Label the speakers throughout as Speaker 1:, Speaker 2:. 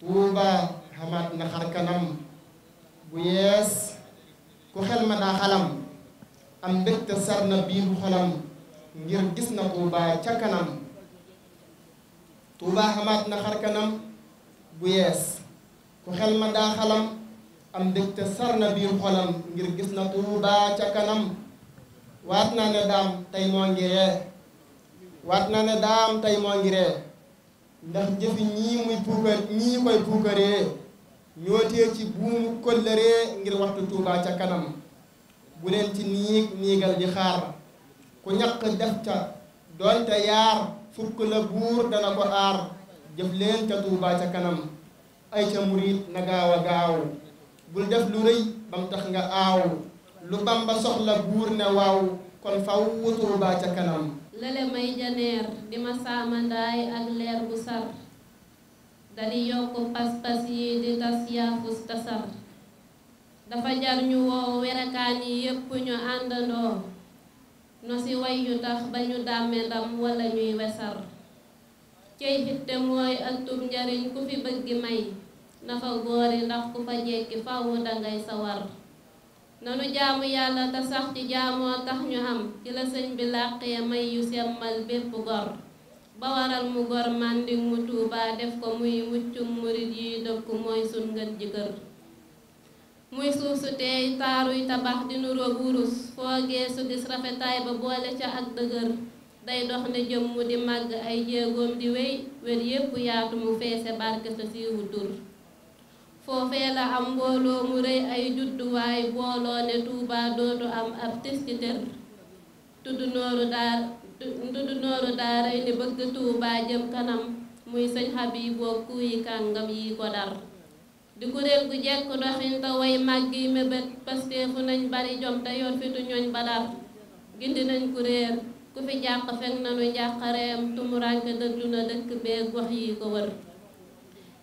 Speaker 1: Tuuba xamaat na xar bu yees ku xel ma daa xalam am mbégte sar na biiru xolam ngir gis na Tuuba ca kanam Tuuba xamaat na xar kanam bu yees ku xel ma daa xalam am mbégte sar na biiru xolam ngir gis na Tuuba ca kanam waat naa ne daam tey moo ngi ree waat naa ne daam tey moo ngi ree ndax jëfi ñii muy puukar ñii koy puukaree ñoo ci buumu kollëree ngir waxtu Tuubaa ca kanam bu leen ci niig niigal di xaar ku ñaq def ca doonte yaar fukk la buur dana ko aar jëf leen ca Tuubaa ca kanam ay ca murit na gaaw a gaaw bul def lu rëy bam tax nga aaw lu Bamba soxla buur ne waaw kon faw wutur baa ca kanam
Speaker 2: lele may janeer di ma saamandaay ak leer bu sar dali yokk pas-pas yi di tas yaafus tasar dafa jar ñu woo werakaan yi yépp ñu àndandoo no si way yu tax ba ñu dàmme ndam wala ñuy wesar cey xitte mooy ak njariñ ku fi bëggi may nafa góori ndax ku fa jekki fawu dangay sawar nanu jaamu yàlla te sax ci jaamoo tax ñu xam ci la sëñ bi làqee may yu semmal bépp gor ba waral mu gor màndik mu tuubaa def ko muy muccum murit yuy dëkk mooy sun ngët ji muy suuf su teey taaruy tabax di nuroog wurus foogee su gis rafetaay ba boole ca ak dëgër day dox ne jëmm di màgg ay jéegoom di wéy wér yépp yaatu mu feese barke sa siiwu tur foofee la am mbooloo mu rëy ay judduwaay booloo ne Touba dootu am ab teskitër tudd nooru daar tudd nooru daaray ni bëgg Touba jëm kanam muy sëñ Habibou kuyi kàngam yi ko dar di kuréel gu jekk doxin te way màgg yi mébét parce que nañ bari jom te yor fitu ñooñ ba dar gindi nañ kuréel ku fi jàq fekk nanu njàqareem tumuraanke dëddu na dëkk bee gox yi ko wër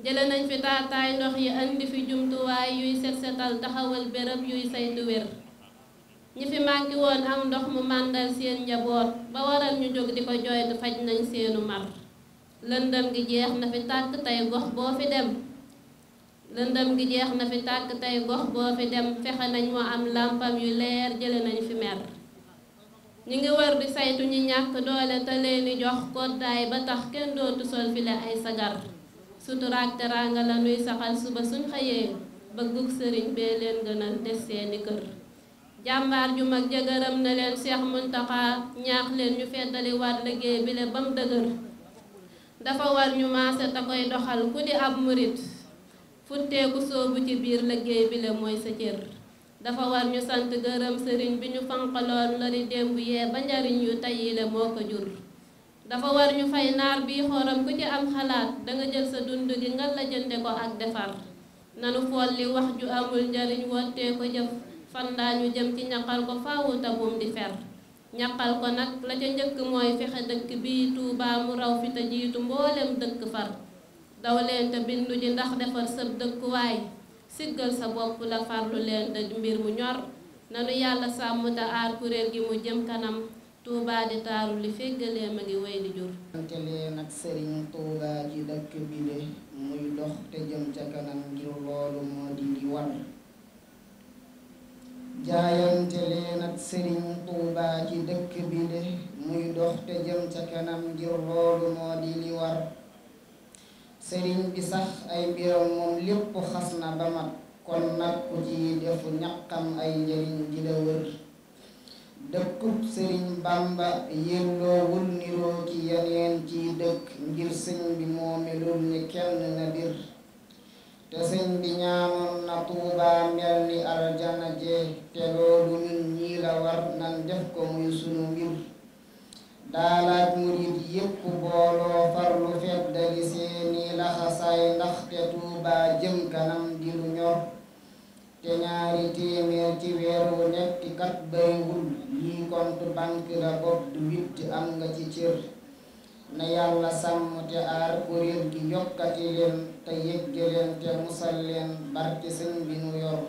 Speaker 2: jële nañ fi taataay ndox yi andi fi jumtuwaay yuy set setal taxawal béréb yuy saytu wér ñi fi manqué woon am ndox mu màndal seen njaboot ba waral ñu jóg di ko jooytu faj nañ seenu mar lëndëm gi jeex na fi tàkk tey gox boo fi dem lëndëm gi jeex na fi tàkk tey dem fexe nañu mu am làmpam yu leer jële nañu fi mer ñi ngi war di saytu ñi ñàkk doole te leeni jox koddaay ba tax kenn dootu sol file ay sagar suturaak teraanga la nuy saxal suba suñ xëyee bëggug sëriñ bee leen gënal des seeni kër jàmbaar ju mag jëgëram na leen Seex Muntaxa ñaax leen ñu feddali war liggéey bi bam dëgër dafa war ñu maase te koy doxal ku di ab murit futteeku soobu ci biir liggéey bi mooy sa cër dafa war ñu sant gërëm sëriñ bi ñu fanqaloon lori démb yee ba njariñ yu tey moo ko jur dafa war ñu fay naar bii xooram ku ci am xalaat danga jël sa dund gi nga la jënde ko ak defar na nu li wax ju amul njariñ wontee ko jëf fandaañu jëm ci ñaqal ko faawu tabum di fer ñaqal ko nag la ca njëkk mooy fexe dëkk bii Tuubaa mu raw fi te jiitu mboolem dëkk far daw leen te bindu ji ndax defar sëb dëkkuwaay siggal sa bopp la farlu leen te mbir mu ñor nanu yàlla sàmm te aar kuréel gi mu jëm kanam Touba di taaru li feggalee ma ngi way di jur
Speaker 3: sëriñ Touba ci dëkk bi de muy dox te jëm ca kanam ngir loolu jaayante leen ak sëriñ Touba ci dëkk bi de muy dox te jëm ca kanam ngir loolu moo di li war sëriñ bi sax ay mbiram moom lépp xas na ba mat kon nag ku ci defu ñaqam ay njëriñ di la wër dëkkub sëriñ bàmba yelloowul niroo ci yeneen ciy dëkk ngir sëñ bi moomelul ni kenn na bir te sëñ bi ñaanoon na tuubaa mel ni aljana jee te loolu ñun ñii la war nan def ko muy sunu mbir daalaaj murit yépp booloo farlu feddali seeni laxasaay ndax te tuubaa jëm kanam di lu ñor te ñaari téeméer ci weer wu nekk kat baywul lii compte banque la bopp witt am nga ci cër na yàlla sàmm te aar kuréel gi yokkati leen te yëgge leen te musal leen barke sëñ bi nu yor